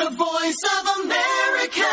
The Voice of America.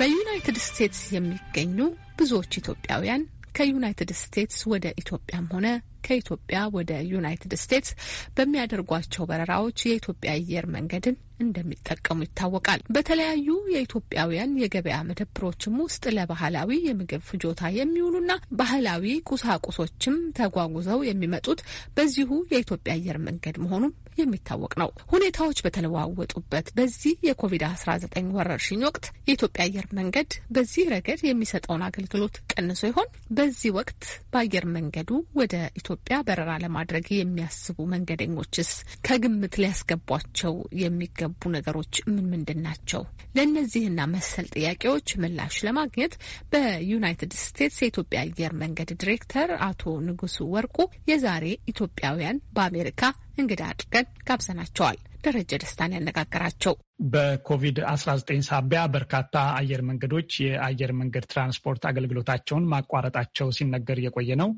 በዩናይትድ ስቴትስ የሚገኙ ብዙዎች ኢትዮጵያውያን ከዩናይትድ ስቴትስ ወደ ኢትዮጵያም ሆነ ከኢትዮጵያ ወደ ዩናይትድ ስቴትስ በሚያደርጓቸው በረራዎች የኢትዮጵያ አየር መንገድን እንደሚጠቀሙ ይታወቃል። በተለያዩ የኢትዮጵያውያን የገበያ መደብሮችም ውስጥ ለባህላዊ የምግብ ፍጆታ የሚውሉና ባህላዊ ቁሳቁሶችም ተጓጉዘው የሚመጡት በዚሁ የኢትዮጵያ አየር መንገድ መሆኑም የሚታወቅ ነው። ሁኔታዎች በተለዋወጡበት በዚህ የኮቪድ-19 ወረርሽኝ ወቅት የኢትዮጵያ አየር መንገድ በዚህ ረገድ የሚሰጠውን አገልግሎት ቀንሶ ይሆን? በዚህ ወቅት በአየር መንገዱ ወደ ኢትዮጵያ በረራ ለማድረግ የሚያስቡ መንገደኞችስ ከግምት ሊያስገቧቸው የሚገቡ ነገሮች ምን ምንድን ናቸው? ለእነዚህና መሰል ጥያቄዎች ምላሽ ለማግኘት በዩናይትድ ስቴትስ የኢትዮጵያ አየር መንገድ ዲሬክተር አቶ ንጉሱ ወርቁ የዛሬ ኢትዮጵያውያን በአሜሪካ እንግዳ አድርገን ጋብዘናቸዋል። ደረጀ ደስታን ያነጋገራቸው በኮቪድ-19 ሳቢያ በርካታ አየር መንገዶች የአየር መንገድ ትራንስፖርት አገልግሎታቸውን ማቋረጣቸው ሲነገር የቆየ ነው።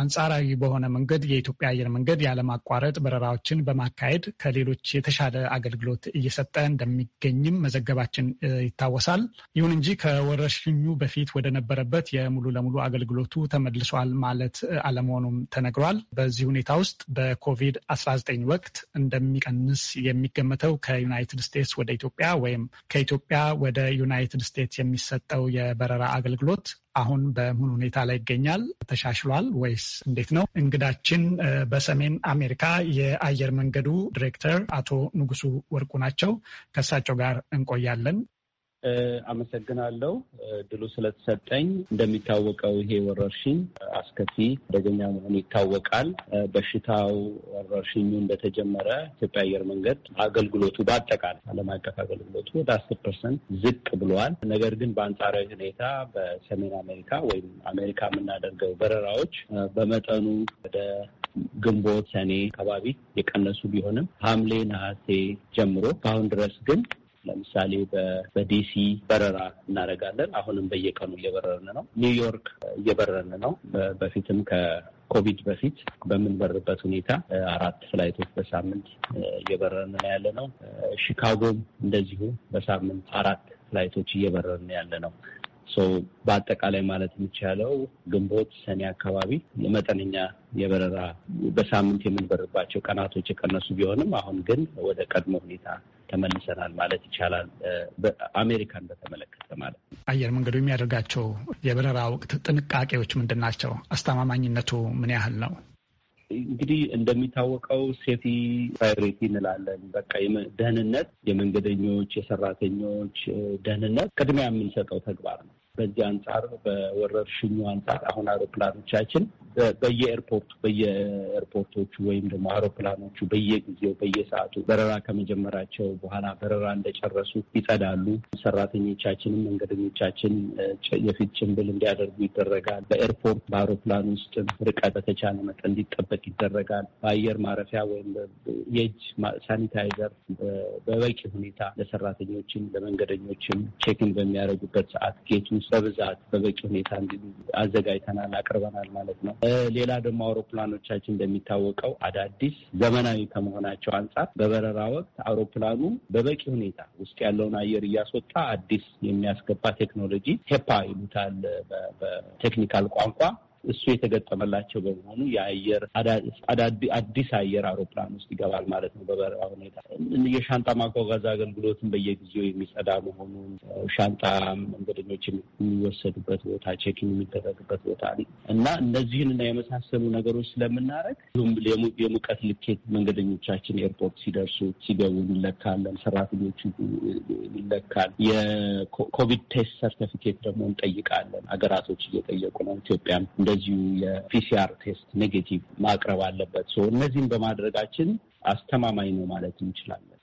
አንጻራዊ በሆነ መንገድ የኢትዮጵያ አየር መንገድ ያለማቋረጥ በረራዎችን በማካሄድ ከሌሎች የተሻለ አገልግሎት እየሰጠ እንደሚገኝም መዘገባችን ይታወሳል። ይሁን እንጂ ከወረርሽኙ በፊት ወደነበረበት የሙሉ ለሙሉ አገልግሎቱ ተመልሷል ማለት አለመሆኑም ተነግሯል። በዚህ ሁኔታ ውስጥ በኮቪድ-19 ወቅት እንደሚቀንስ የሚገመተው ከዩናይትድ ስቴትስ ወደ ኢትዮጵያ ወይም ከኢትዮጵያ ወደ ዩናይትድ ስቴትስ የሚሰጠው የበረራ አገልግሎት አሁን በምን ሁኔታ ላይ ይገኛል? ተሻሽሏል ወይስ እንዴት ነው? እንግዳችን በሰሜን አሜሪካ የአየር መንገዱ ዲሬክተር አቶ ንጉሱ ወርቁ ናቸው። ከእሳቸው ጋር እንቆያለን። አመሰግናለሁ ድሉ ስለተሰጠኝ። እንደሚታወቀው ይሄ ወረርሽኝ አስከፊ አደገኛ መሆኑ ይታወቃል። በሽታው ወረርሽኙ እንደተጀመረ ኢትዮጵያ አየር መንገድ አገልግሎቱ በአጠቃላይ ዓለም አቀፍ አገልግሎቱ ወደ አስር ፐርሰንት ዝቅ ብሏል። ነገር ግን በአንጻራዊ ሁኔታ በሰሜን አሜሪካ ወይም አሜሪካ የምናደርገው በረራዎች በመጠኑ ወደ ግንቦት፣ ሰኔ አካባቢ የቀነሱ ቢሆንም ሐምሌ፣ ነሐሴ ጀምሮ እስካሁን ድረስ ግን ለምሳሌ በዲሲ በረራ እናደርጋለን። አሁንም በየቀኑ እየበረርን ነው። ኒውዮርክ እየበረርን ነው። በፊትም ኮቪድ በፊት በምንበርበት ሁኔታ አራት ፍላይቶች በሳምንት እየበረርን ያለ ነው። ሺካጎም እንደዚሁ በሳምንት አራት ፍላይቶች እየበረርን ያለ ነው። በአጠቃላይ ማለት የሚቻለው ግንቦት ሰኔ አካባቢ መጠነኛ የበረራ በሳምንት የምንበርባቸው ቀናቶች የቀነሱ ቢሆንም አሁን ግን ወደ ቀድሞ ሁኔታ ተመልሰናል ማለት ይቻላል። አሜሪካን በተመለከተ ማለት ነው። አየር መንገዱ የሚያደርጋቸው የበረራ ወቅት ጥንቃቄዎች ምንድን ናቸው? አስተማማኝነቱ ምን ያህል ነው? እንግዲህ እንደሚታወቀው ሴቲ ፕራዮሪቲ እንላለን። በቃ ደህንነት፣ የመንገደኞች የሰራተኞች ደህንነት ቅድሚያ የምንሰጠው ተግባር ነው። በዚህ አንጻር በወረርሽኙ አንጻር አሁን አውሮፕላኖቻችን በየኤርፖርቱ በየኤርፖርቶቹ ወይም ደግሞ አውሮፕላኖቹ በየጊዜው በየሰዓቱ በረራ ከመጀመራቸው በኋላ በረራ እንደጨረሱ ይጸዳሉ። ሰራተኞቻችንም መንገደኞቻችን የፊት ጭንብል እንዲያደርጉ ይደረጋል። በኤርፖርት በአውሮፕላን ውስጥ ርቀት በተቻለ መጠን እንዲጠበቅ ይደረጋል። በአየር ማረፊያ ወይም የእጅ ሳኒታይዘር በበቂ ሁኔታ ለሰራተኞችም ለመንገደኞችም ቼክን በሚያደርጉበት ሰዓት ጌት ውስጥ በብዛት በበቂ ሁኔታ እንዲሉ አዘጋጅተናል፣ አቅርበናል ማለት ነው። ሌላ ደግሞ አውሮፕላኖቻችን እንደሚታወቀው አዳዲስ ዘመናዊ ከመሆናቸው አንጻር በበረራ ወቅት አውሮፕላኑ በበቂ ሁኔታ ውስጥ ያለውን አየር እያስወጣ አዲስ የሚያስገባ ቴክኖሎጂ ሄፓ ይሉታል በቴክኒካል ቋንቋ እሱ የተገጠመላቸው በመሆኑ የአየር አዲስ አየር አውሮፕላን ውስጥ ይገባል ማለት ነው። በበረራ ሁኔታ የሻንጣ ማጓጓዝ አገልግሎትን በየጊዜው የሚጸዳ መሆኑን ሻንጣ መንገደኞች የሚወሰዱበት ቦታ፣ ቼኪን የሚደረግበት ቦታ እና እነዚህን እና የመሳሰሉ ነገሮች ስለምናደርግ የሙቀት ልኬት መንገደኞቻችን ኤርፖርት ሲደርሱ ሲገቡ እንለካለን። ሰራተኞቹ ይለካል። የኮቪድ ቴስት ሰርተፊኬት ደግሞ እንጠይቃለን። ሀገራቶች እየጠየቁ ነው። ኢትዮጵያም እንደዚሁ የፒሲአር ቴስት ኔጌቲቭ ማቅረብ አለበት። እነዚህም በማድረጋችን አስተማማኝ ነው ማለት እንችላለን።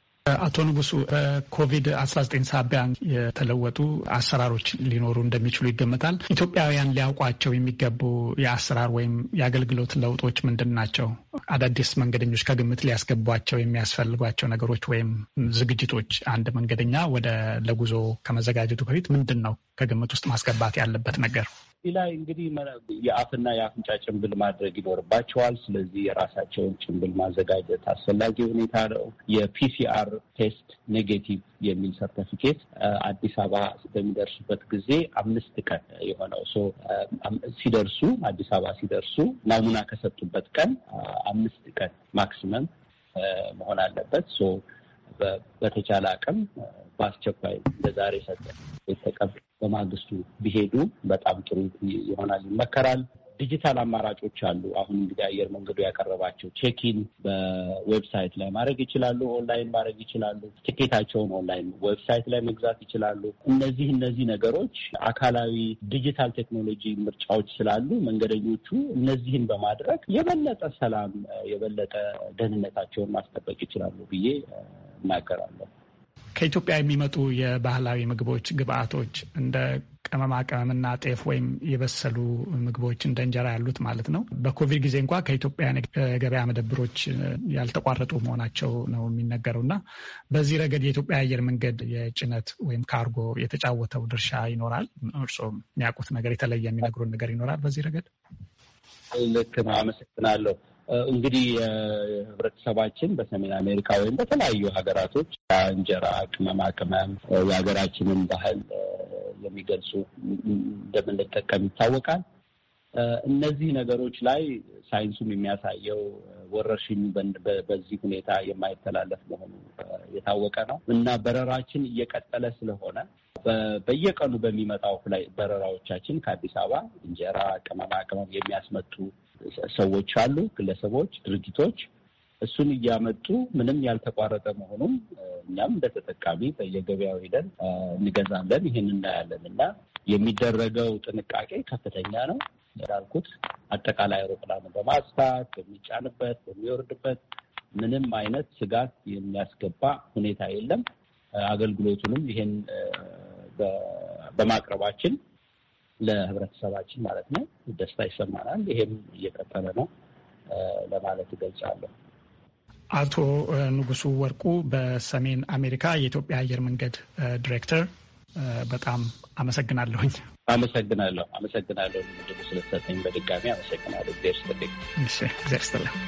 አቶ ንጉሱ በኮቪድ 19 ሳቢያ የተለወጡ አሰራሮች ሊኖሩ እንደሚችሉ ይገመታል። ኢትዮጵያውያን ሊያውቋቸው የሚገቡ የአሰራር ወይም የአገልግሎት ለውጦች ምንድን ናቸው? አዳዲስ መንገደኞች ከግምት ሊያስገቧቸው የሚያስፈልጓቸው ነገሮች ወይም ዝግጅቶች፣ አንድ መንገደኛ ወደ ለጉዞ ከመዘጋጀቱ በፊት ምንድን ነው ከግምት ውስጥ ማስገባት ያለበት ነገር? ላይ እንግዲህ የአፍና የአፍንጫ ጭንብል ማድረግ ይኖርባቸዋል። ስለዚህ የራሳቸውን ጭንብል ማዘጋጀት አስፈላጊ ሁኔታ ነው። የፒሲአር ቴስት ኔጌቲቭ የሚል ሰርተፊኬት አዲስ አበባ በሚደርሱበት ጊዜ አምስት ቀን የሆነው ሲደርሱ አዲስ አበባ ሲደርሱ ናሙና ከሰጡበት ቀን አምስት ቀን ማክሲመም መሆን አለበት። በተቻለ አቅም በአስቸኳይ ለዛሬ ሰጠ የተቀብ በማግስቱ ቢሄዱ በጣም ጥሩ ይሆናል ይመከራል። ዲጂታል አማራጮች አሉ። አሁን እንግዲህ አየር መንገዱ ያቀረባቸው ቼኪን በዌብሳይት ላይ ማድረግ ይችላሉ፣ ኦንላይን ማድረግ ይችላሉ። ትኬታቸውን ኦንላይን ዌብሳይት ላይ መግዛት ይችላሉ። እነዚህ እነዚህ ነገሮች አካላዊ ዲጂታል ቴክኖሎጂ ምርጫዎች ስላሉ መንገደኞቹ እነዚህን በማድረግ የበለጠ ሰላም፣ የበለጠ ደህንነታቸውን ማስጠበቅ ይችላሉ ብዬ እናገራለሁ። ከኢትዮጵያ የሚመጡ የባህላዊ ምግቦች ግብአቶች እንደ ቅመማ ቅመምና ጤፍ ወይም የበሰሉ ምግቦች እንደ እንጀራ ያሉት ማለት ነው። በኮቪድ ጊዜ እንኳ ከኢትዮጵያ ገበያ መደብሮች ያልተቋረጡ መሆናቸው ነው የሚነገረው እና በዚህ ረገድ የኢትዮጵያ አየር መንገድ የጭነት ወይም ካርጎ የተጫወተው ድርሻ ይኖራል። እርስዎ የሚያውቁት ነገር የተለየ የሚነግሩን ነገር ይኖራል በዚህ ረገድ? ልክ ነው። አመሰግናለሁ። እንግዲህ የህብረተሰባችን በሰሜን አሜሪካ ወይም በተለያዩ ሀገራቶች እንጀራ፣ ቅመማ ቅመም የሀገራችንን ባህል የሚገልጹ እንደምንጠቀም ይታወቃል። እነዚህ ነገሮች ላይ ሳይንሱም የሚያሳየው ወረርሽኙ በዚህ ሁኔታ የማይተላለፍ መሆኑ የታወቀ ነው እና በረራችን እየቀጠለ ስለሆነ በየቀኑ በሚመጣው በረራዎቻችን ከአዲስ አበባ እንጀራ፣ ቅመማ ቅመም የሚያስመጡ ሰዎች አሉ፣ ግለሰቦች፣ ድርጅቶች እሱን እያመጡ ምንም ያልተቋረጠ መሆኑም እኛም እንደ ተጠቃሚ በየገበያው ሄደን እንገዛለን። ይህን እናያለን እና የሚደረገው ጥንቃቄ ከፍተኛ ነው። እንዳልኩት አጠቃላይ አውሮፕላኑ በማስፋት በሚጫንበት በሚወርድበት ምንም አይነት ስጋት የሚያስገባ ሁኔታ የለም። አገልግሎቱንም ይህን በማቅረባችን ለህብረተሰባችን ማለት ነው ደስታ ይሰማናል። ይሄም እየቀጠለ ነው ለማለት እገልጻለሁ። አቶ ንጉሱ ወርቁ በሰሜን አሜሪካ የኢትዮጵያ አየር መንገድ ዲሬክተር፣ በጣም አመሰግናለሁኝ። አመሰግናለሁ አመሰግናለሁ ስለተሰጠኝ በድጋሚ አመሰግናለሁ። እግዚአብሔር ይስጥልኝ። እግዚአብሔር ይስጥልኝ።